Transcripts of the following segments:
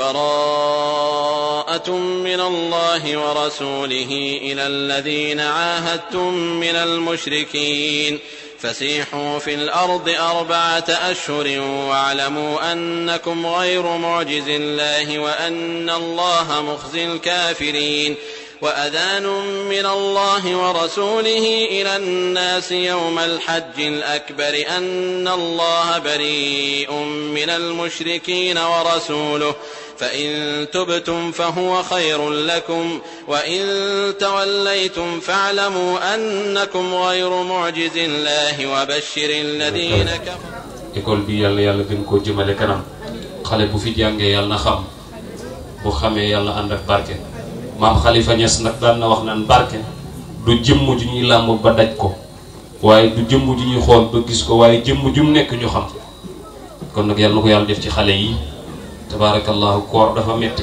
بَرَاءَةٌ مِّنَ اللَّهِ وَرَسُولِهِ إِلَى الَّذِينَ عَاهَدتُّم مِّنَ الْمُشْرِكِينَ فَسِيحُوا فِي الْأَرْضِ أَرْبَعَةَ أَشْهُرٍ وَاعْلَمُوا أَنَّكُمْ غَيْرُ مُعْجِزِ اللَّهِ وَأَنَّ اللَّهَ مُخْزِي الْكَافِرِينَ وأذان من الله ورسوله إلى الناس يوم الحج الأكبر أن الله بريء من المشركين ورسوله فإن تبتم فهو خير لكم وإن توليتم فاعلموا أنكم غير معجز الله وبشر الذين كفروا إيكول بي يالا يالا جمال كرام خالي في جانغي يالا خام بو خامي يالا اندك باركه مام خليفه نيس نك دان دو جيم جو ني لام با دو جيم جو ني خول با كيس كو واي جيم جوم نك ني خام tabaarakallaahu koor dafa metti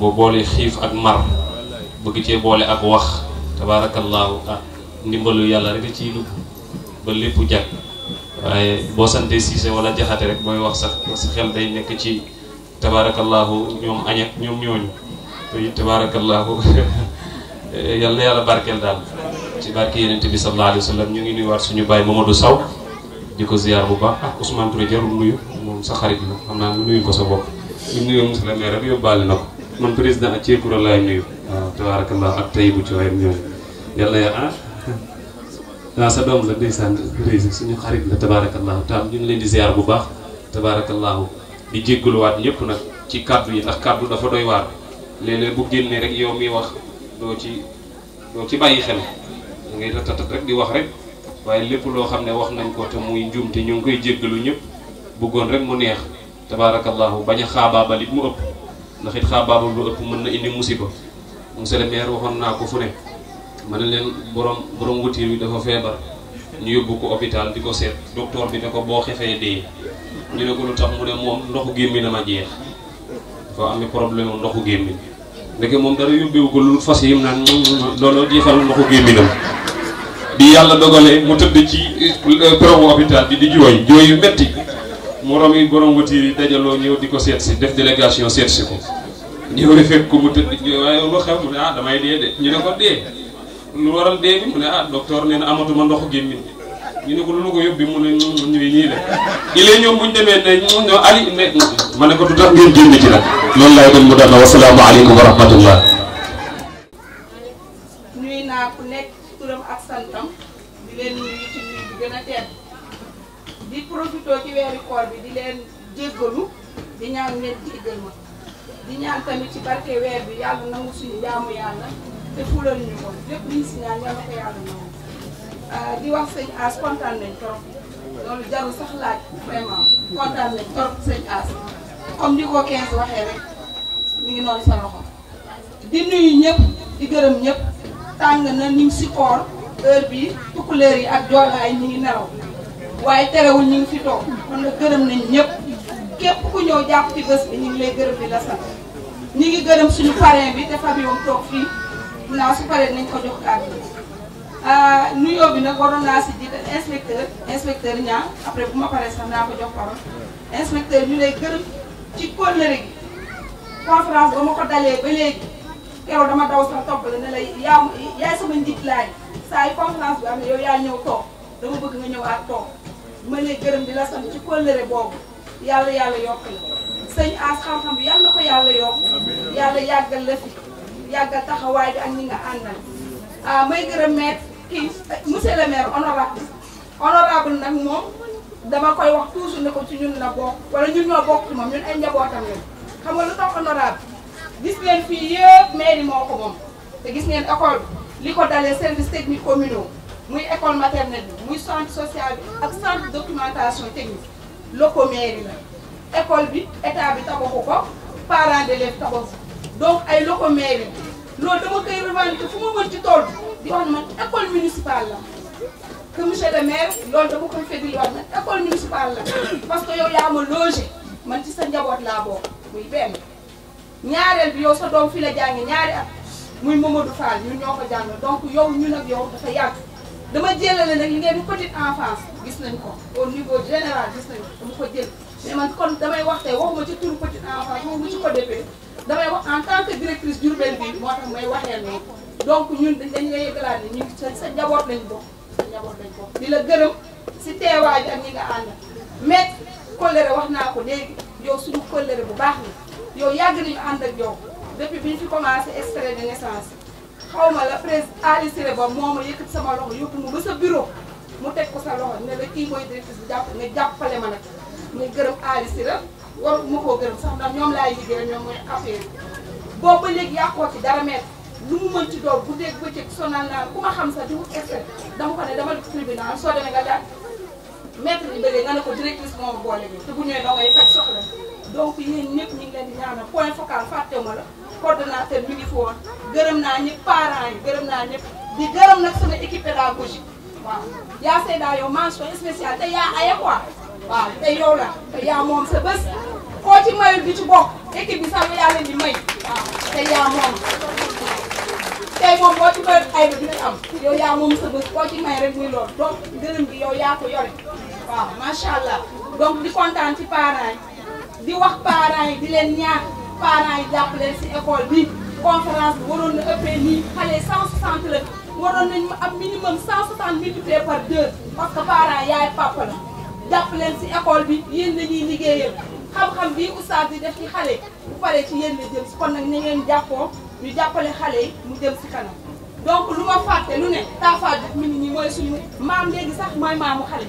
boo boolee xiif ak mar bëgg cee boole ak wax tabaarakallaahu ah ndimbalu yàlla rek ci dugg ba lépp jag waaye boo sante siise wala jaxate rek mooy wax sax sa xel day nekk ci tabaarakallaahu ñoom añak ñoom ñooñu te tabaarakallaahu yal na yàlla barkeel daal ci barke yenente bi sallallahu alayhi wa sallam ñu ngi nuyuwaat suñu baay Mamadou Sow di ko ziyaar bu baax ak ah, Ousmane Touré jarul nuyu moom sa xarit la xam naa nga nuyul ko sa bopp ñu nuyoo monsieur le maire rek yóbbaale na ko man président ak Ceekura laay nuyu waaw tabaarakallah ak Tayibu ci wayam yàlla ya ah waaw sa doom la ndeysaan rési suñu xarit la tabaarakallahu taal ñu ngi leen di ziar bu baax tabaarakallahu di jéggaluwaat ñëpp nag ci kàddu yi ndax kàddu dafa doy waar léeg bu génnee rek yow mi wax loo ci loo ci bàyyi xel da ngay ratatat rek di wax rek waaye lépp loo xam ne wax nañ ko te muy njuum te ñu ngi koy jéggalu ñëpp bëggoon rek mu neex tabaarakallaahu bañ a xaabaabal it mu ëpp ndax it xaabaabal lu ëpp mën na indi musiba monsieur le maire waxoon naa ko fu ne ma ne leen borom borom wutir bi dafa feebar ñu yóbbu ko hôpital di ko seet docteur bi ne ko boo xefee dee ñu ne ko lu tax mu ne moom ndoxu gémmiñ na ma jeex dafa amee problème mu ndoxu gémmiñ ndeke moom dara yóbbewu ko lu fas yim naan mm, mm, mm, looloo jeexal ndoxu gémmiñam bi yàlla dogalee mu tëdd ci eh, perogu hôpital morom yi borom watiir yi dajaloo ñëw di ko seet si def délégation seet si ko ñëw di fekk ko mu tëdd waaye lu xew mu ne ah de ñu ne ko dee lu waral mu ne ah docteur nee na amatuma ndoxu gémmiñ ñu ne ko lu ko mu ne ñuy ñii de ilee ne ñoo ali ma ne ko du tax ngeen génn ci nag loolu laay doon mu ku nekk turam di profité ci weeri koor bi di leen jéggalu di ñaan ngeen jéggal ma di ñaan tamit ci barke weer bi yàlla nangu suñu jaamu yàlla te fulal ñu ko lépp liñ si ñaan yàlla ko yàlla nangu ah, di wax sëñ As kontaan nañ trop loolu jarul sax laaj nañ trop sëñ As comme di ko 15 waxee rek mi ngi noonu sa loxo di nuyu ñëpp di gërëm ñëpp tàng na ni si koor heure bi tukkuleer yi ak joolaay ñu ngi nelaw waaye terewul ñu ngi fi toog kon nag gërëm nañ ñëpp képp ku ñëw jàpp ci bés bi ñu ngi lay gërëm bi la sant ñu ngi gërëm suñu parrain bi te famille toog fii dinaa nañ ko jox kàddu ah, nuyoo bi nag waroon naa si jiital inspecteur inspecteur ñaa après bu ma paree sax naa ko jox parole inspecteur ñu lay gërëm ci kóllëre gi conférence ba mu fa dalee ba léegi keroog dama daw sax topp la ne lay yaa yaay sama njiit saa yu conférence bi am ne yow yaa ñëw toog dama bëgg nga ñëwaat toog ma lay gërëm bi la sant ci kóllëre boobu yàlla yàlla yokk la sëñ As xam-xam bi yàlla na ko yàlla yokk yàlla yàggal la fi yàggal taxawaay bi ak ñi nga àndal ah may gërëm maire kii monsieur le maire honorable honorable nag moom dama koy wax toujours ne ko ci ñun la bokk wala ñun ñoo bokk ci moom ñun ay njabootam lañ xam nga lu tax honorable gis ngeen fii yëpp mairie moo ko moom te gis ngeen école li ko dalee service technique communaux muy école maternelle bi muy centre social bi ak centre documentation technique locaux mairie la école bi état bi tabaxu ko parents d'élèves tabaxu donc ay locaux mairie la loolu dama koy revendiquer fu ma mën ci tool di wax man école municipale la que monsieur le maire loolu dama koy feddi wax man école municipale la parce que yow yaa ma logé man ci sa njaboot laa bokk muy benn ñaareel bi yow sa doom fi la jànge ñaari at muy Mamadou Fall ñun ñoo ko donc yow ñun ak yow dafa yàgg dama jëlale nag li ngeen di petite enfance gis nañ ko au niveau général gis nañ ko dama ko jël mais man kon damay wax tey waxuma ci turu petite enfance waxuma ci CODEPE damay wax en tant que directrice Diourbel bi moo tax may waxee noonu donc ñun dañ dañ lay yëgalaat ne ñu sa sa njaboot lañ bokk sa njaboot lañ bokk di la gërëm si teewaay bi ak ñi nga ànd mais kóllëre wax naa ko léegi yow suñu kóllëre bu baax la yow yàgg nañu ànd ak yow depuis bi ñu fi commencé extrait de naissance xaw ma la président Aliou Siré ba moo ma yëkkati sama loxo yóbbu ma ba sa bureau mu teg ko sa loxo ne la kii mooy directrice bi jàpp nga jàppale ma nag muy gërëm Aliou Siré waru ma koo gërëm sax ndax ñoom laay liggéey ñoom mooy affaire boobu ba léegi yàqoo ci dara mel lu mu mën ci door bu dégg bëccëg sonal naa ku ma xam sax di wut expert dama ko ne dama def tribunal soo demee nga daal maître bi bële nga ne ko directrice moom boole bi te bu ñëwee doo ngay faj soxla donc yéen ñëpp ñu ngi leen di ñaanal point focal fàttewuma la coordonnateur mi ngi fi gërëm naa ñëpp parents yi gërëm naa ñëpp di gërëm nag sama équipe pédagogique waaw yaa Seyda yow mention spéciale te yaa aye quoi waaw te yow la te yaa moom sa koo ci mayul bi ci bokk équipe bi sax yaa leen di may te yaa moom tey moom boo ci mayul ay ba du ci am yaa moom sa koo ci may rek muy loolu donc gërëm bi yow yaa ko yore waaw allah don di kontaan ci parents di wax parents yi di leen ñaax parents yi jàpp leen si école bi conférence bi waroon na ëppee nii xale 160 la waroon nañu am minimum 160 multiplié par 2 parce que parents yaay papa la jàpp leen si école bi yéen la ñuy liggéeyal xam-xam bi oustaz bi def ci xale bu paree ci yéen la jëm si kon nag na ngeen jàppoo ñu jàppale xale yi mu jëm si kanam. donc lu ma fàtte lu ne Tafa Diouf mi nit ñi mooy suñu maam léegi sax mooy maamu xale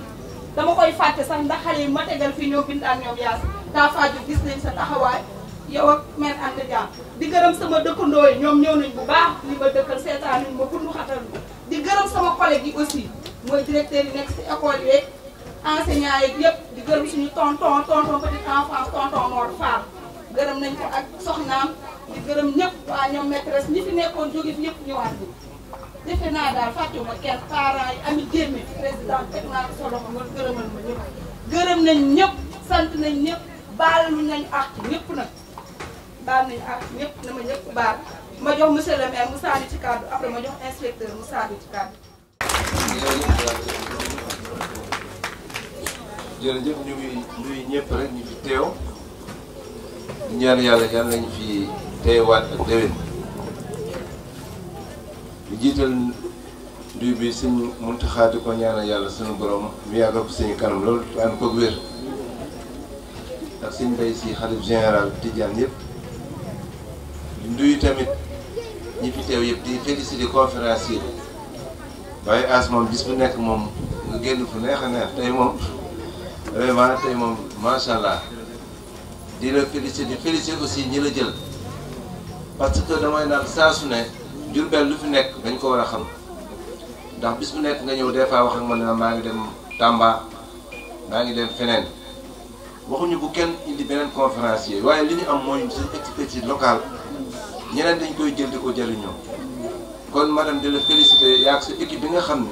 dama koy fàtte sax ndax xale yi ma tegal fii ñoo daa Fatou gis nañ sa taxawaay yow ak men ànd jàmm di gërëm sama dëkkandoo yi ñoom ñëw nañ bu baax li ma dëkkal seetaan nañ ma bundu xatal di gërëm sama collègue gi aussi mooy directeur yi nekk si école yeeg enseignant yeeg yëpp di gërëm suñu tonton tonton petite enfance tonton Mor Fall gërëm nañ ko ak soxnaam di gërëm ñëpp waa ñoom maîtresse ñi fi nekkoon jóge fi ñëpp ñëwaat bi defe naa daal fàttewuma kenn parents sa loxo gërëmal ma gërëm nañ ñëpp sant nañ ñëpp baal nañu ak ñëpp nag baal nañu ak ñëpp na ma ñëpp baal ma jox monsieur le maire ci kàddu après ma jox inspecteur Moussa di ci kàddu. jërëjëf ñu ngi ñëpp rek ñu fi teew di yàlla yàlla nañu fi teewaat ak déwén jiital nduy bi suñu muntaxaati ko ñaanal yàlla suñu borom mu yàggal ko suñu kanam loolu te ànd ko wér. ndax sëñ Mbaye si xalif général Tidiane yëpp di nuyu tamit ñi fi teew yëpp di félicité conférencier waaye as moom bis bu nekk moom nga génn fu neex a neex tey moom vraiment tey moom macha allah di la félicité di félicité aussi ñi la jël parce que damay naan saa su ne Jurbel lu fi nekk dañ ko war a xam ndax bis bu nekk nga ñëw des fois wax ak ma ne maa ngi dem Tamba maa ngi dem feneen. waxuñu bu kenn di beneen conférencier waaye li ñu am mooy seen ci locale ñeneen dañ koy jël di ko jëriñoo kon madame di la félicité yaa ak sa équipe bi nga xam ne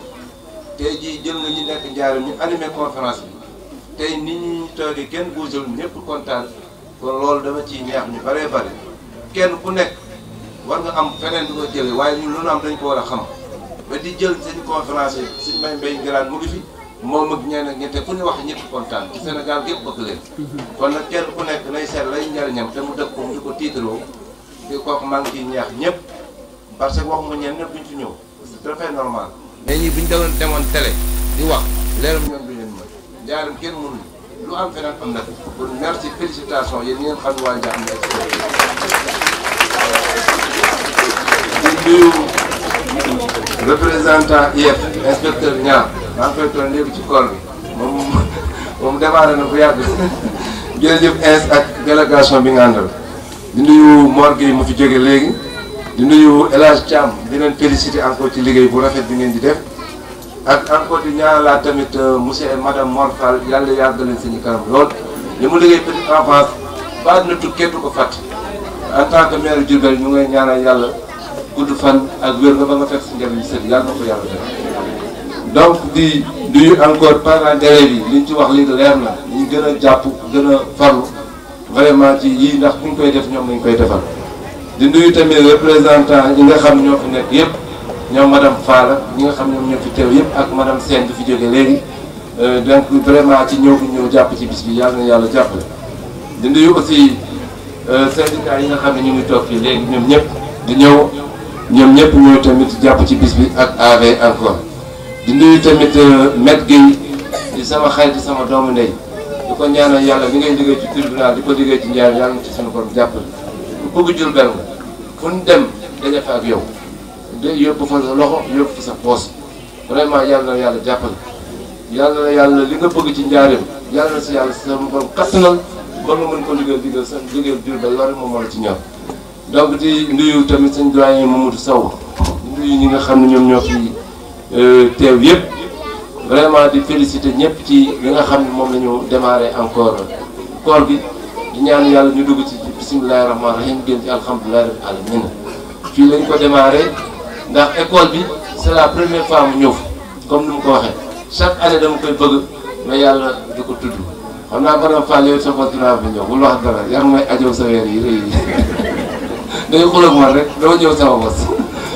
tey jii jël nga ñu nekk njaaram ñu animé conférence bi tey nit ñi toogee kenn bougéwul ñëpp kontaan kon loolu dama ciy ñaax ñu bëree bëri kenn ku nekk war nga am feneen di ko jëlee waaye ñun lu nu am dañ ko war a xam ba di jël seen conférence yi suñ may mbay ngiraan mu ngi fi. moom ak ñeneen ak ñette ku ñu wax ñëpp kontaan Sénégal gépp bëgg leen kon nag kenn ku nekk nay seet lay njariñam te mu dëkk ko mu di ko tiitaroo parce que wax mu ci c'est fait normal mais ñii buñ doon demoon télé di wax leeram ñoom leen kenn lu am feneen am na merci félicitations yéen ngeen xam waa Ndiakhate di nuyu représentant IEF inspecteur Niang maa ngi koy ci koor bi moom moom démarré na bu yàgg jërëjëf ins ak délégation bi nga di nuyu Mor mu fi jóge léegi di nuyu El Hadj Thiam di leen féliciter encore ci liggéey bu rafet bi ngeen di def ak encore di ñaanalaa tamit euh, monsieur et madame Mor Fall yàlla yàggal leen seen i lool li mu liggéey petite enfance baat na tukk ko fàtte en tant que maire Diourbel ñu ngay ñaanal yàlla gudd fan ak wér nga ba nga fekk si njëriñ seen yàlla na ko yàlla def. donc di nuyu encore parents d'élèves yi liñ ci wax li leer la ñu gën a jàpp gën a farlu vraiment ci yii ndax ku ñu koy def ñoom lañ koy defal di nuyu tamit représentant yi nga xam ñoo fi nekk yëpp ñoom madame Fall ñi nga xam ñoom ñoo fi teew yëpp ak madame Sène bi fi jóge léegi euh, donc vraiment ci ñëw fi ñëw jàpp ci bis bi yàlla na yàlla jàppale di nuyu aussi euh, syndicat yi nga xam ne ñu ngi toog fii léegi ñoom ñëpp di ñëw ñoom ñëpp ñooy tamit jàpp ci bis bi ak AV encore di nuyu tamit euh, Maître Guèye di sama xarit sama doomu ndey di ko ñaanal yàlla bi ngay liggéey ci tribunal di ko liggéey ci njaar yàlla ci suñu borom jàppale ku bëgg Diourbel nga fu ñu dem yow de yóbbu fa loxo yóbbu sa poos vraiment yàlla na yàlla jàppale yàlla na yàlla li nga bëgg ci njaareem yàlla na si yàlla sa borom kattanal ba nga mën ko liggéey liggéey sa liggéey Diourbel loolu moom moo la ci ñor donc di nuyu tamit seen doyen Mamadou Sow di nuyu ñi nga xam ne ñoom ñoo fi Euh, teew yëpp vraiment di féliciter ñëpp ci li nga xam ne moom la ñu démarrer encore koor bi di ñaan yàlla ñu dugg ci bisimilahi rahmaani rahim génn ci alhamdulilahi rabbil alamin fii lañ ko démarrer ndax école bi c'est la première fois mu ñëw comme ni mu ko waxee chaque année dama koy bëgg mais yàlla du ko tudd xam naa maanaam Fall yooyu sa bopp dinaa fi ñëw bul wax dara yar may ajoo sa weer yi rëy yi day rek dama ñëw sama bos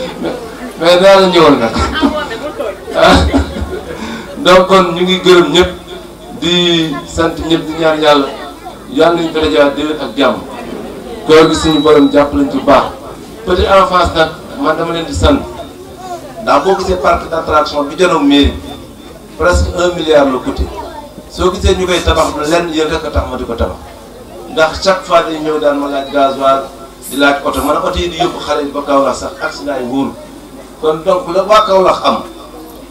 mais daal ñëwal nag. Ah, donc kon ñu ngi di sant ñëpp di ñaan yàlla yàlla nañu daraja déwén ak jàmm koor gi suñu borom jàpp lañ ci baax petit enfance nag man dama leen di sant ndax boo gisee parc d'attraction bi janoog mairie presque un milliard la coûté soo gisee ñu koy tabax lenn yéen rek a tax ma di ko tabax ndax chaque fois day ñëw daan ma laaj di laaj oto man oto yi di yóbbu xale yi ba sax accident yi wóorul kon donc la waa am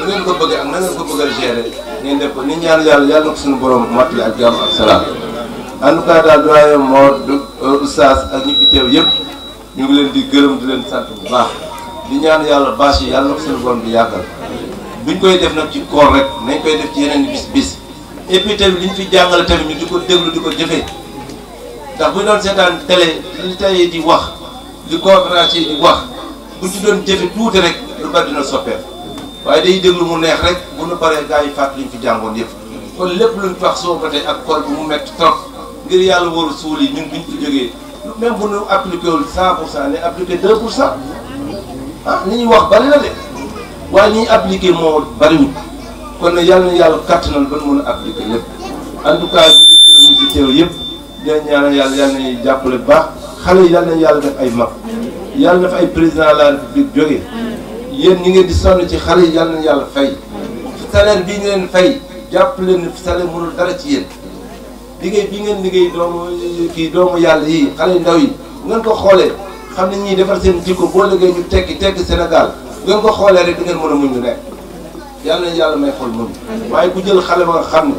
da ngeen ko bëggee ak na ngeen ko bëggal gérer ngeen def ko ni ñaan yàlla yàlla na ko suñu borom mottali ak jàmm ak salaam en tout cas daal doyen Mor oustaz ak ñi fi teew yëpp ñu ngi leen di gërëm di leen sant bu baax di ñaan yàlla bâche yi yàlla na ko suñu borom di yàggal buñ koy def nag ci koor rek nañ koy def ci yeneen bis bis et puis ñu fi jàngale tamit ñu di ko déglu di ko jëfee ndax bu doon seetaan télé li tey di wax li conférence yi di wax bu ñu ci doon jëfe tuuti rek lu bari dina soppeeku waaye dañuy déglu mu neex rek bu nu paree gaa yi fàttali ñu fi jàngoon yëpp kon lépp luñ wax soo ko tey ak xol bi mu metti trop ngir yàlla wóoru suul yi ñun buñ ci jógee même bu nu appliqué wul 100 pour cent ne appliqué 2 pour cent ah ni ñuy wax bari na de waaye ñuy appliqué moo bariwul kon nag yàlla na yàlla kattanal ba nu mën a lépp en tout cas ñu fi teew yëpp di ñaanal yàlla yàlla nañu jàppale bu baax xale yi yàlla yàlla def ay mag yàlla def ay président de la république jógee. yéen ñi ngeen di sonn ci xale yi yàlla yàlla fay salaire bii ñu leen fay jàpp leen ne salaire mënul dara ci yéen liggéey bii ngeen liggéey doomu kii doomu yàlla yi xale yu ndaw yi ngeen ko xoolee xam ne ñuy defar seen jikko boo liggéey ñu tekki tekki Sénégal ngeen ko xoolee rek di ngeen mën a muñ lu nekk yàlla na yàlla may xol mën waaye ku jël xale ba nga xam ne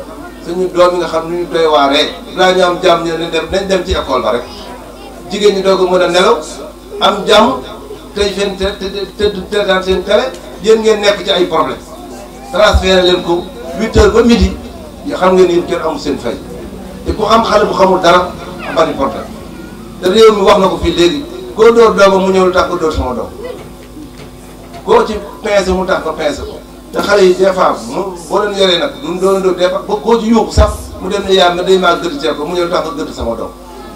suñu doom yi nga xam ne ñu doy waaree dinaa ñu am jàmm ñu ne dem nañ dem ci école rek jigéen ñi doo ko mën a nelaw am jàmm tëj seen te tëdd tëddaan seen télé yéen ngeen nekk ci ay problème transféré leen ko huit heures ba midi xam ngeen yéen kenn amul seen fay te ku xam xale bu xamul dara bari problème te réew mi wax na ko fii léegi koo dóor doomam mu ñëw lu tax ko dóor sama doom koo ci pince mu tax ko pince ko te xale yi des fois mu boo leen yoree nag duñ doon dóor des fois ba koo ci yuuxu sax mu dem ne yaa nga day maa gëdd ceeb ko mu ñëw lu tax ko gëdd sama doom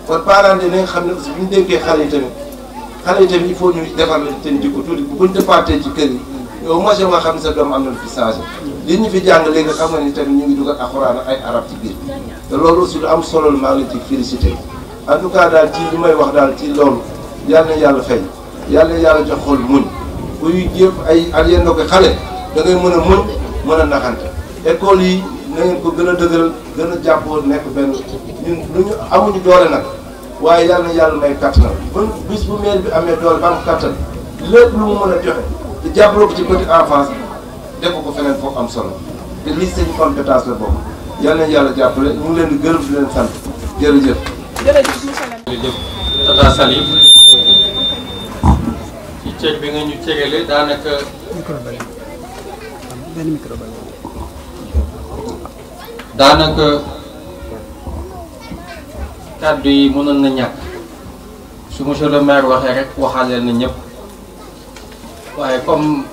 kon parents yi nañ xam ne aussi bu ñu dénkee xale yi tamit xale yi tamit il faut ñu defar leen seen jikko tuuti bu buñ départe ci kër yi yow ma nga xam ne sa doom am na lu fi changé li ñu fi jàng léegi xam nga ni tamit ñu ngi dugal alxuraan ay arab ci biir te loolu aussi lu am solo la maa ngi ci félicité en tout cas daal ci li may wax daal ci loolu yàlla na yàlla fay yàlla na yàlla jox xol muñ kuy jéem ay ak yenn ko xale da mën a muñ mën a naxante école yi na ngeen ko gën a dëgëral gën a jàppoo nekk benn ñun lu ñu amuñu doole nag waaye yàlla na yàlla may kattanal ba bis bu mel bi amee doole ba am kattan lépp lu mu mën a joxe te jàppale ko ci côté enfance def ko feneen foofu am solo te lii seen compétence la boobu yàlla na yàlla jàppale ñu ngi leen di gërëm di leen sant jërëjëf. jërëjëf monsieur le maire. jërëjëf Tata Salim ci ceeb bi nga ñu ceegale daanaka. daanaka. kàddu yi mënoon na ñàkk su monsieur le maire waxee rek waxaaleel na ñëpp waaye comme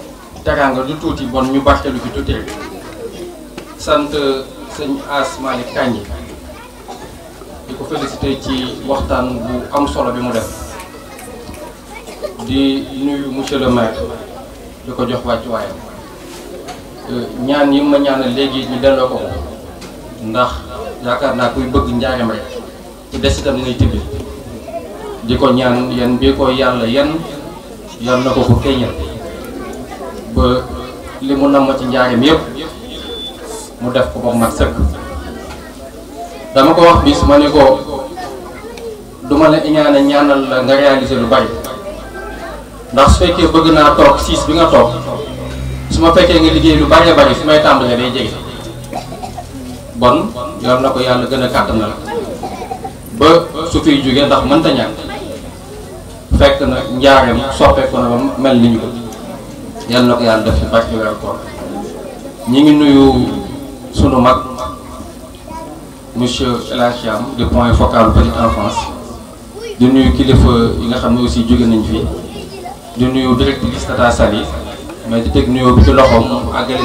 teraanga du tuuti bon ñu barkelu ci tuuti rek sant sëñ As Malick di ko félicité ci waxtaan bu am solo bi mu def di nuyu monsieur le maire di ko jox wàccuwaayam euh, ñaan yi ma ñaanal léegi ñu delloo ko ndax yaakaar naa kuy bëgg njaareem rek ci desitam muy tibi diko ñaan yan bi ko yalla yan yan nako ko keñal ba limu nam ci ñaarem yépp mu def ko ba mat sëkk dama ko wax bis ma ko duma la iñaana ñaanal la nga réaliser lu bari ndax su fekkee bëgg naa toog siis bi nga toog su ma fekkee nga liggéey lu bari bari fi may tàmbalee day jege bon yor na ko yàlla gën a kàttanal ba su fiy jógee ndax ta ñak fekk na ñaarem njaareem ko na mel niñu ko yalla nako yalla def ci barke weer ko ñi ngi nuyu sunu mag monsieur Elasiam de point focal petite enfance di nuyu kilifa yi nga xam aussi jóge nañ fi di nuyu direct directrice stata Sali mais di tek nuyu bi ci loxom mu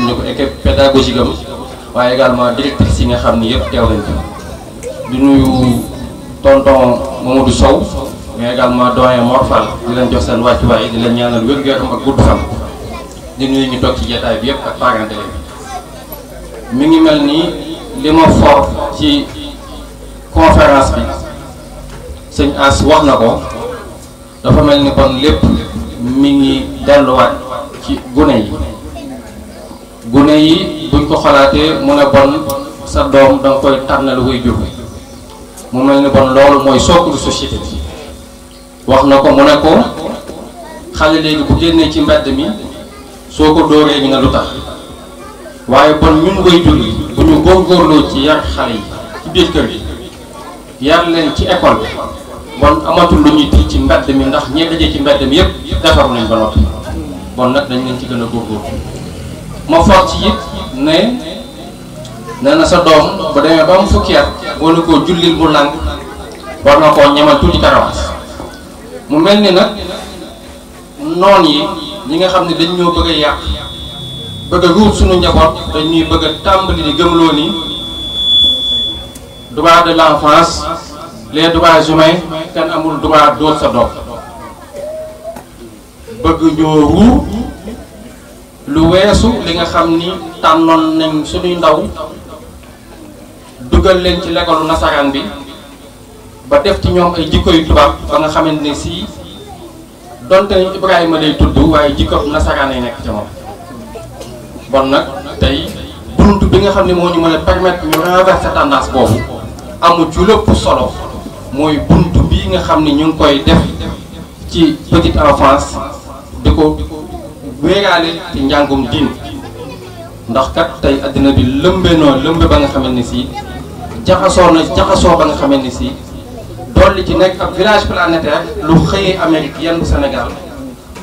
ñu ko équipe pédagogique am waye également directrice yi nga xam yépp yëpp lañ nañ fi di nuyu tonton Mamadou Sow mais également doyen Mor Fall di leen jox seen wàccuwaay di leen ñaanal wér-gu-yaram ak gudd fan di nuyu ñu toog ci jotaay bi yëpp ak parent bi mi ngi mel nii li ma for ci conférence bi sëñ As wax na ko dafa mel ni kon lépp mi ngi delluwaat ci gune yi gune yi buñ ko xalaatee mu ne bon sa doom danga koy tànnal wuy jur mu mel ni bon loolu mooy sookulu société bi wax na ko mu ne ko xale léegi bu génnee ci mbedd mi soo ko dóoree ñu ne lu tax waaye bon ñun way julli bu ñu góorgóorloo ci yàq xale yi ci biir kër yi yar leen ci école bi bon amatul lu ñu tiit ci mbedd mi ndax ñi dajee ci mbedd mi yëpp defaru nañ ba noppi bon nag dañ leen ci gën a góorgóorlu ma for ci it ne nee na sa doom ba demee ba am fukki at boo ne koo jullil bu làng war na koo ñemal tuuti karawaas mu mel ni nag noon yi ñi nga xam ne dañ ñoo bëgg a bëgg a suñu njaboot dañ ñuy bëgg a tàmbali di gëmloo ni droit de l'enfance les droits humains kenn amul droit dóor sa doom bëgg ñoo ruu lu weesu li nga xam ni tànnoon nañ suñuy ndaw dugal leen ci lekkoolu nasaraan bi ba def ci ñoom ay jikko yu tubaab ba nga xamante ne sii donte nañ Ibrahima de tudd waaye jikko nasaraan lay nekk ci moom bon nag tey bunt bi nga xam ne moo ñu mën a permettre ñu renverser tendance boobu amu ci lépp solo mooy bunt bi nga xam ni ñu ngi koy def ci petite enfance di ko wéeraale ci njàngum diin ndax kat tey àddina bi lëmbe noo lëmbe ba nga xamante ne sii jaxasoo na jaxasoo ba nga xamee ni si dolli ci nekk ak village planétaire lu xëyee Amérique yenn bu Sénégal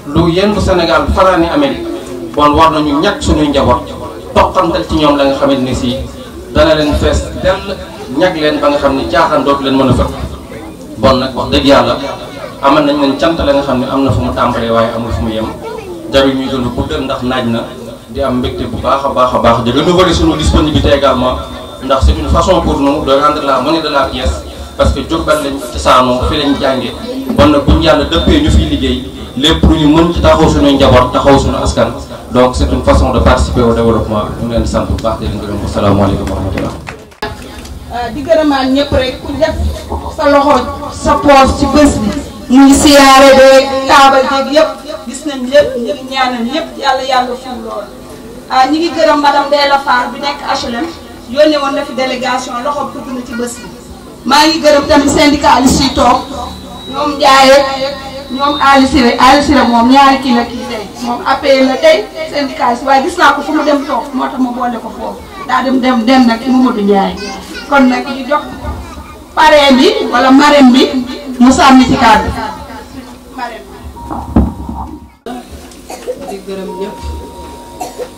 lu yenn bu Sénégal faraani Amérique bon war nañu ñett suñuy njaboot toqantal ci ñoom la nga xamante ni si dana leen fees dell ñàkk leen ba nga xam ne caaxaan dootu leen mën a fekk bon nag wax dëgg yàlla amal nañ leen cant la nga xam ne am na fu mu tàmbalee waaye amul fu mu yem jarul ñuy dund guddal ndax naaj na di am mbégte bu baax a baax a baax di renouveler suñu ndax c'est une façon pour nous de rendre la monnaie de la pièce parce que Diourbel lañ cosaanoo fi lañu jànge bon na buñu ñu yàlla dëppee ñu fi liggéey lépp lu ñu mën ci taxaw suñu njaboot taxaw suñu askan donc c'est une façon de participer au développement ñu leen di sant bu baax di leen gërëm asalaamaaleykum wa rahmatulah. Euh, di gërëmaat ñëpp rek ku def sa loxo sa poos ci bés bi muy siyaare beeg taabal beeg yëpp gis nañ lépp ñëpp ñaanal ñëpp yàlla yàlla fu lool ah euh, ñu ngi gërëm madame Della Lafar bi nekk HLM. yónnee woon na fi délégation loxo tudd na ci bés bi maa ngi gërëm tamit syndicaliste yi toog ñoom Ndiaye ñoom Aliou Siré moom ñaari kii la kii tey moom appel la tey syndicaliste waaye gis naa ko fu mu dem toog moo tax ma boole ko foofu daa dem dem dem nag Mamadou Ndiaye kon nag ñu jox parrain bi wala marraine bi mu sànni ci kàddu. di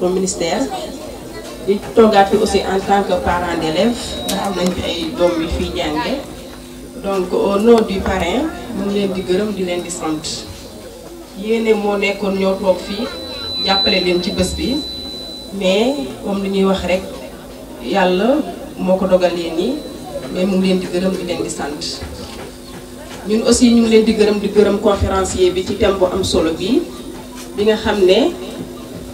au ministère di toogaat aussi en tant que parent d'élève. am nañ ay donc au nom du parrain mon ngi di gërëm di leen di sant yene moo nekkoon ñoo toog fii jàppale leen ci bëss bi mais comme li ñuy wax rek Yalla moko dogal len ni mais mu ngi di gërëm di len di sante ñun aussi ñu ngi di gërëm di gërëm conférencier bi ci thème bu am solo bi bi nga xamné ne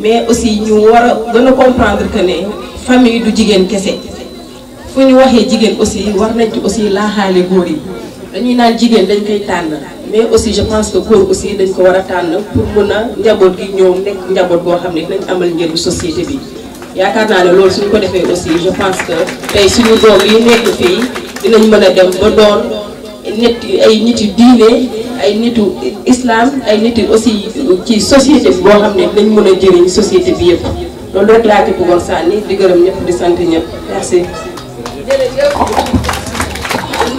mais aussi ñu war a gën a comprendre que ne famille du jigéen kese fu ñu waxee jigéen aussi war nañ ci aussi laaxaale góor yi dañuy naan jigéen dañ koy tànn mais aussi je pense que góor aussi dañ ko war a tànn pour mun a njaboot gi ñoom nekk njaboot boo xam ne dinañ amal njëriñ société bi yaakaar naa ne loolu suñ ko defee aussi je pense que tey suñu doom yi nekk fii dinañ mën a dem ba doon nit ay nit yu diine ay eh, nitu islam ay nit yu aussi ci société bi boo xam ne dañ mën a jëriñ société bi yëpp loolu rek laa ci bëggoon sànni di gërëm ñëpp di sant ñëpp merci.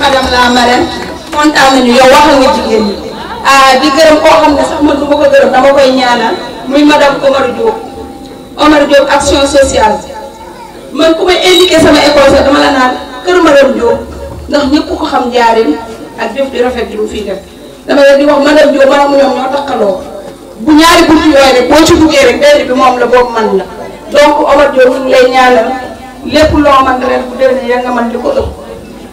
madame la marraine kontaan nañu yow wax nga jigéen ñi ah di gërëm koo xam ne sax man du ma ko gërëm dama koy ñaanal muy madame Omar Diop Omar Diop action sociale man ku may indiqué sama école sax dama la naan kër madame ndax ñëpp ko xam njaarim ak jëf di rafet lu fiy def dama leen di wax madame Diop maanaam ñoom ñoo takkaloo bu ñaari bunt yooyu rek boo ci duggee rek benn bi moom la boobu man la donc Omar Diop ñu ngi lay ñaanal lépp loo man ren bu déwénee ya nga man li ko ëpp.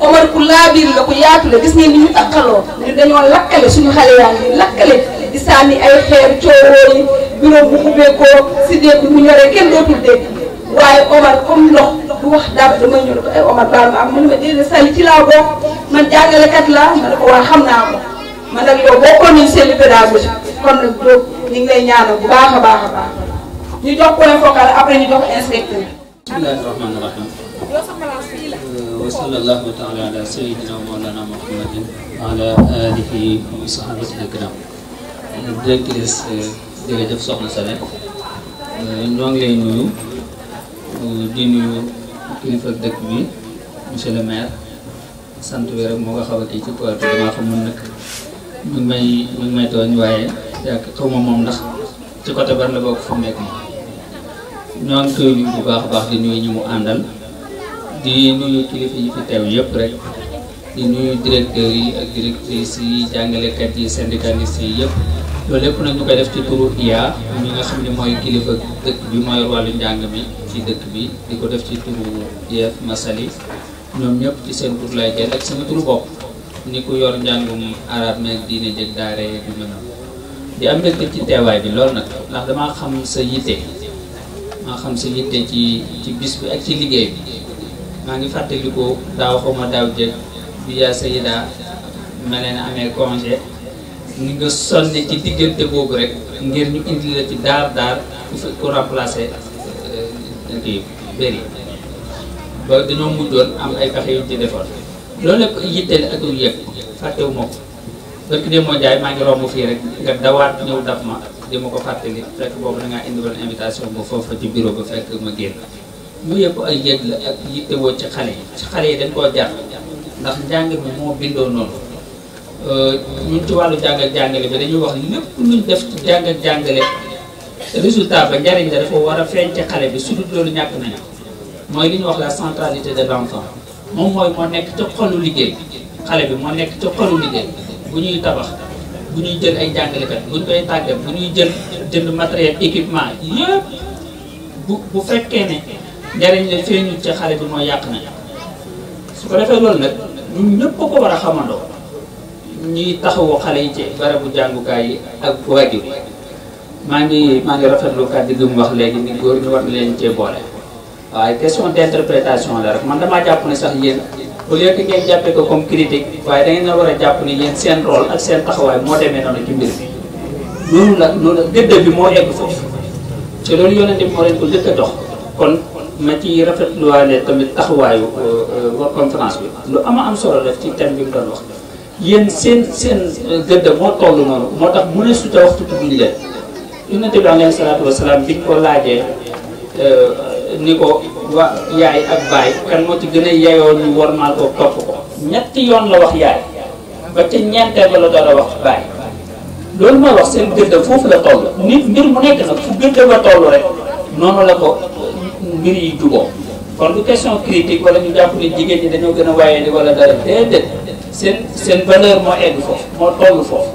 Omar ku laabiir la ku yaatu la gis ngeen ni ñu takkaloo ñu dañoo lakkale suñu xale yaa ngi lakkale di sànni ay xeer coowoo yi bureau bu ubbeekoo si dégg bu ñoree kenn dootul dégg. waaye Omar comme ndox du wax dara damay ñëw ne ko ay eh, Omar baal ma am mu ne ma déedéet Sali ci laa bokk man jàngalekat laa ma ne ko waa xam naa ko man nag yow bokkoon nañu seen pédagogie kon nag ngay ñu ngi baax a baax a baax ñu jox point focal après ñu jox inspecteur bi. bismillahi rahmaani rahim. Euh, wa sallallahu taala euh, lay nuyu. Euh, di nuyu kilifa dëkk bi monsieur le maire sant bi rek moo ko xaw a ci poor bi damaa ko mën nag mi ngi may mi ngi may tooñ waaye yàgg xaw ma moom ndax ci côté ban la bokk fu mu nekk ñoo ngi koy bu baax baax di nuyu ñi mu àndal di nuyu kilifa yi fi teew yëpp rek di nuyu directeurs yi ak directrices yi jàngalekat yi syndicalistes yi yëpp. loolu lépp nag ñu koy def ci turu IA mi nga xam ne mooy kilifa dëkk bi mooy wàllu njàng mi ci dëkk bi di ko def ci turu IEF Massaly ñoom ñëpp ci seen tur lay jël ak sama ni ku yor njàngum arab meeg diine bi mën a di am mbégte ci teewaay bi lool nag ndax damaa xam sa yitte maa xam sa yitte ci ci bis bi ak ci liggéey bi maa ngi fàttaliku daaw xaw ma daaw jëg bi yaa Sayida mel ne amee congé ni nga sonni ci diggante boobu rek ngir ñu indi la ci daar daar ku fi ku remplacer euh, kii bëri ba dañoo mujjoon am ay pexe yu ci defoon loolu lépp yitteel ak yu yëg fàttewu ma ko barki dee moo jaay maa ngi romb fii rek nga ñëw dab ma di ma ko fàttali fekk boobu da indi woon invitation bu foofa ci bureau ba fekk ma mu yëpp ay yëg ak yittewoo ci xale yi ci xale yi dañ koo jar ndax njàng bi moo bindoo noonu Euh, ñun ci wàllu jàng jàngale bi dañuy wax lépp luñ def ci jàng jàngale résultat ba njariñ la dafa war a feeñ ci xale bi su dul loolu ñàkk nañu mooy li ñu wax la centralité de l'enfant moom mooy moo nekk ca xolu liggéey xale bi moo nekk ca xolu liggéey bu ñuy tabax bu ñuy jël ay jàngalekat bu ñu koy tàggat bu ñuy jël jënd matériel équipement yëpp bu bu fekkee ne njariñ la feeñul ci xale bi moo yàq na su ko defee loolu nag ñun ñëpp ko war a xamandoo ñuy taxawu xale yi ci barabu jàngukaay yi ak waajur yi maa ngi maa ngi rafetlu kàddu gi mu wax léegi ni góor ñu war na leen cee boole waaye question d'interprétation la rek man damaa jàpp ne sax yéen au lieu que ngeen jàppee ko comme critique waaye da ngeen war a jàpp ni yéen seen rôle ak seen taxawaay moo demee noonu ci mbir mi noonu la noonu bi moo egg foofu ci loolu yonente bi moo leen ko njëkk a dox kon na ci rafet tamit taxawaayu euh, euh, conférence bi lu ama am solo def ci thème bi yéen seen seen euh, gëdd moo toll noonu moo tax mu ne suta waxtu tudd leen yonente bi alayhi salaatu wasalaam biñ ko laajee euh, ni ko wa yaay ak baay kan moo ci gën a yayoo ñu warmaal ko topp ko ñetti yoon la wax yaay ba ca ñeenteel ba la doon a wax baay loolu mooy wax seen gëdd foofu la toll nit mbir mu nekk nag fu gëdd ba toll rek noonu la ko mbir yi juboo kon du question critique wala ñu jàpp ne jigéen ñi dañoo gën a waaye di wala dara déedéet seen seen valeur moo egg foofu moo toll foofu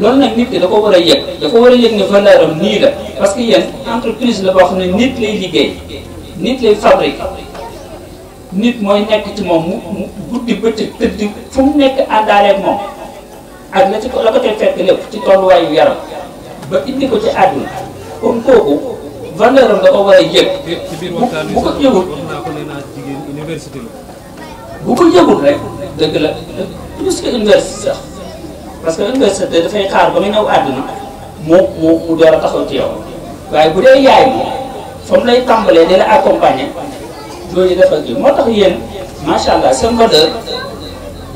loolu nag nit ki da ko war a yëg da ko war a yëg ne valeur am nii la parce que yéen entreprise la boo xam ne nit lay liggéey nit lay fabrique nit mooy nekk ci moom mu mu guddi bëccëg tëdd fu mu nekk àndaaleeg moom ak la ci ko la ko tey fekk lépp ci tolluwaayu yaram ba indi ko ci àdduna kon kooku valeur am da ko war a yëg. ci biir waxtaan bi bu ko yëgul bu ko yëgul rek dëgg la plus que université sax parce que université dafay xaar ba nga àdduna moo mu door a taxaw waaye bu dee yaay moom fa mu lay tàmbalee di la accompagner loolu dafa kii moo tax yéen macha allah seen valeur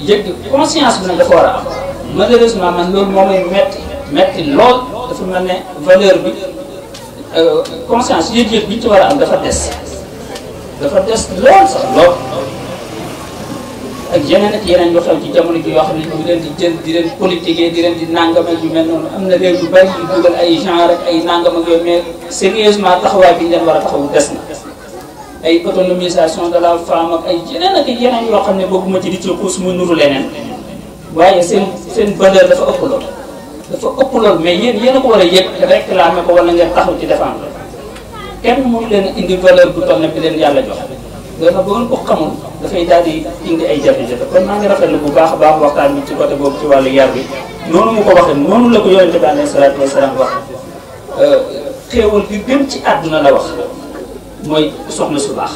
yëg conscience bi nag dafa war a am malheureusement man loolu moo may metti metti lool dafa mel ne valeur bi. Euh, conscience yëg-yëg bi ñu ci war a am dafa des dafa des lool sax lool ak yeneen ak yeneen yoo xam ci jamono ji yoo xam ne ñu ngi leen di jël di leen politiquer di leen di nangam ak yu mel noonu am na réew yu bari yu dugal ay genre ay nangam ak yooyu mais sérieusement taxawaay bi ñu leen war a taxawu des na. ay autonomisation de la femme ay yeneen ak yeneen yoo xam ne bëgguma ma di ci xuus mu nuru leneen waaye seen seen valeur dafa ëpp lool. dafa ëpp loolu mais yéen yéen a ko war a yëg réclamer ko wala ngeen taxaw ci défendre kenn mënu leen indi valeur bu toll ne bi leen yàlla jox loolu ba bu ngeen ko xamul dafay daal di indi ay jafe-jafe kon maa ngi rafetlu bu baax a baax waxtaan bi ci côté boobu ci wàllu yar bi noonu mu ko waxee noonu la ko yonente bi alayhi salaatu wasalaam wax euh, xéewal bi gën ci àdduna la wax mooy soxna su baax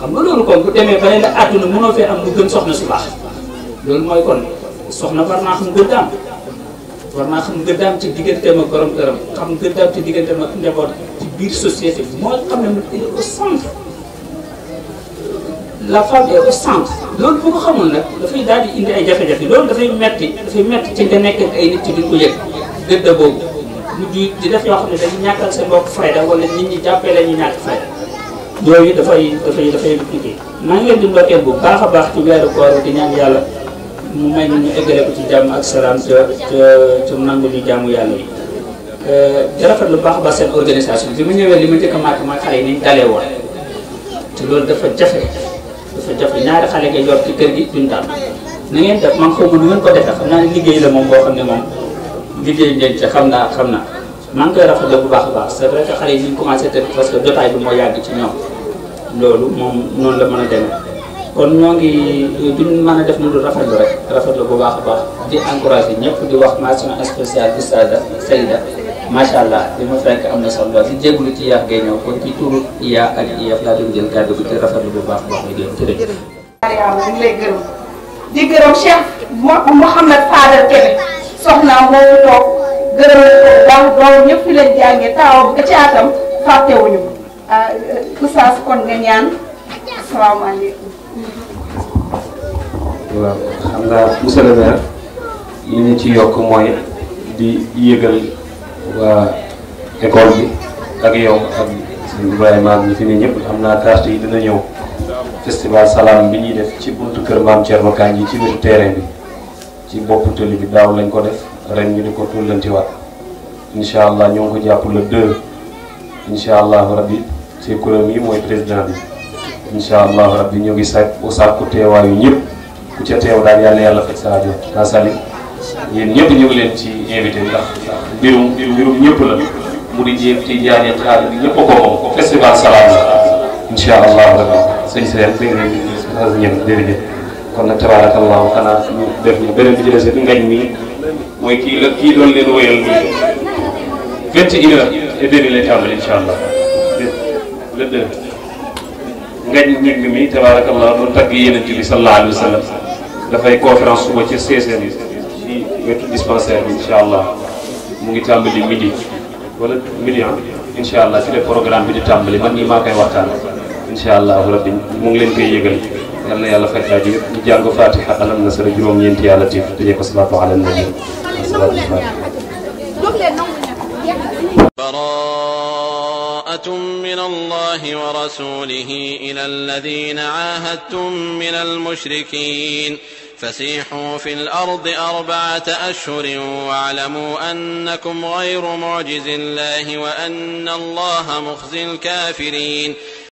xam nga loolu kon bu demee ba ne la àdduna fee am lu gën soxna su baax loolu mooy kon soxna war naa xam war naa xam gëddaam ci digganteem ak borom këram xam gëddaam ci digganteem ak njaboot ci biir société bi moo xam ne il est au loolu bu ko xamul nag dafay daal di indi ay jafe-jafe loolu dafay metti dafay metti ci nga nekk ay nit ci duñ ko yëg gëdda boobu mujj di def yoo xam ne dañu ñàkkal seen bopp fayda wala nit ñi jàppee la ñu ñàkk fayda yooyu dafay dafay dafay liggéey maa ngi leen di ndokkeel bu baax a baax ci weeru koor di ñaan yàlla mu may ñu eggale ko ci jàmm ak salaam ca ca nangu ñu jàmm yàlla yi. Euh, di rafet lu baax ba seen organisation bi mu ñëwee li ma njëkk a marqué mooy xale yi ni dalee woon loolu dafa jafe dafa jafe ñaari xale nga yor ci kër gi duñ dal na ngeen def man xaw ma nu ngeen ko defee xam naa liggéey la moom boo xam ne moom liggéey ngeen ci xam naa xam na maa koy koy rafetlu bu baax a baax c'est vrai que xale yi ñu commencé te parce que jotaay bi moo yàgg ci ñoom loolu moom noonu la mën a demee. kon ñoo ngi mën a def lu dul rafetlu rek rafetlu bu baax a baax di encouragé ñëpp di wax mention spéciale Oustaz Seyda macha allah li ma fekk am na solo di jégalu ci yaax gay ñëw kon ci turu iya ak iyaaf laa doon jël kàddu gi te rafetlu bu baax a baax ñu di gërëm Cheikh Muhammad Fadel Kébé soxnaam moomu toog gërëm ko daaw doomu ñëpp fi leen jàngee taawam ba ci atam fàttewuñu ko ah, euh, kon nga ñaan waaw xam nga monsieur le maire li ñu ci yokk mooy di yëgal waa école bi ak yow ak sëñ Ibrahima ak ñi fi ne ñëpp am naa carte yi dina ñëw festival salam bi ñuy def ci buntu kër maam Thierno Kandji ci wetu terrain bi ci bopp tëli bi daaw lañ ko def ren ñu di ko tullantiwaat incha allah ñoo ngi ko jàpp le 2 incha allahu rabbi ci kuréel yi mooy président bi incha allahu rabbi ñoo ngi sàkku sàkku teewaayu ñëpp ku ca teew daal yàlla yàlla faj sa aajo daa leen ci invité ndax mbirum mbirum ñëpp la mu di jéem ci jaane xaar bi ñëpp ko moom festival salaam la incha allahu rabbi sëñ seen sëñ bi ñëpp jërëjëf kon nag tabarakallahu xanaa ñu def ñu beneen bi ci des ngañ mi kii la kii doon leen wéyal vingt et une heure et demi lay tàmbali incha allah le deux ngañ mi tabarakallahu doon tagg yéenent bi sallallahu alayhi wa dafay conférence suba ci CCN ci wetu dispensaire bi incha allah mu ngi tàmbali midi wala midi ah incha allah ci le programme bi di tàmbali man nii maa koy waxtaan incha allah rabbi mu ngi leen koy yëgal yal na yàlla fay aajo yëpp ñu jàng fatiha alam na sara juróom-ñeenti yàlla tiif tëjee ko salaatu ala nabi asalaatu fatiha بَرَاءَةٌ مِّنَ اللَّهِ وَرَسُولِهِ إِلَى الَّذِينَ عَاهَدتُّم مِّنَ الْمُشْرِكِينَ فسيحوا في الأرض أربعة أشهر واعلموا أنكم غير معجز الله وأن الله مخزي الكافرين